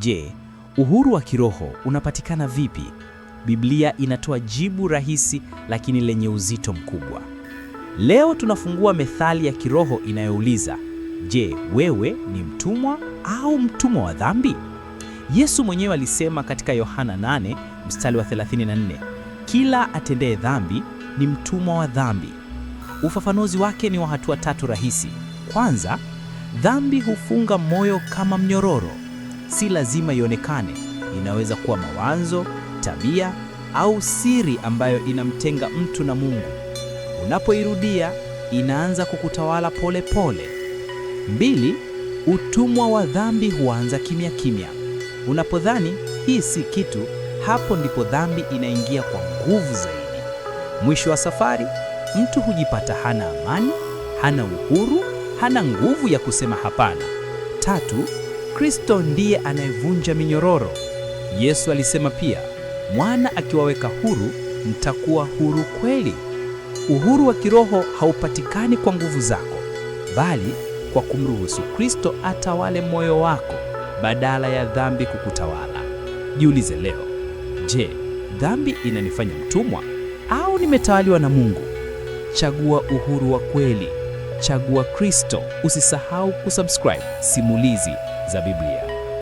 Je, uhuru wa kiroho unapatikana vipi? Biblia inatoa jibu rahisi lakini lenye uzito mkubwa. Leo tunafungua methali ya kiroho inayouliza, je, wewe ni mtumwa au mtumwa wa dhambi? Yesu mwenyewe alisema katika Yohana 8 mstari wa 34, kila atendaye dhambi ni mtumwa wa dhambi. Ufafanuzi wake ni wa hatua tatu rahisi. Kwanza, dhambi hufunga moyo kama mnyororo si lazima ionekane. Inaweza kuwa mawazo, tabia au siri ambayo inamtenga mtu na Mungu. Unapoirudia inaanza kukutawala pole pole. Mbili, utumwa wa dhambi huanza kimya kimya. Unapodhani hii si kitu, hapo ndipo dhambi inaingia kwa nguvu zaidi. Mwisho wa safari, mtu hujipata hana amani, hana uhuru, hana nguvu ya kusema hapana. Tatu, Kristo ndiye anayevunja minyororo. Yesu alisema pia, mwana akiwaweka huru mtakuwa huru kweli. Uhuru wa kiroho haupatikani kwa nguvu zako, bali kwa kumruhusu Kristo atawale moyo wako badala ya dhambi kukutawala. Jiulize leo, je, dhambi inanifanya mtumwa au nimetawaliwa na Mungu? Chagua uhuru wa kweli. Chagua Kristo. Usisahau kusubscribe Simulizi da Bíblia.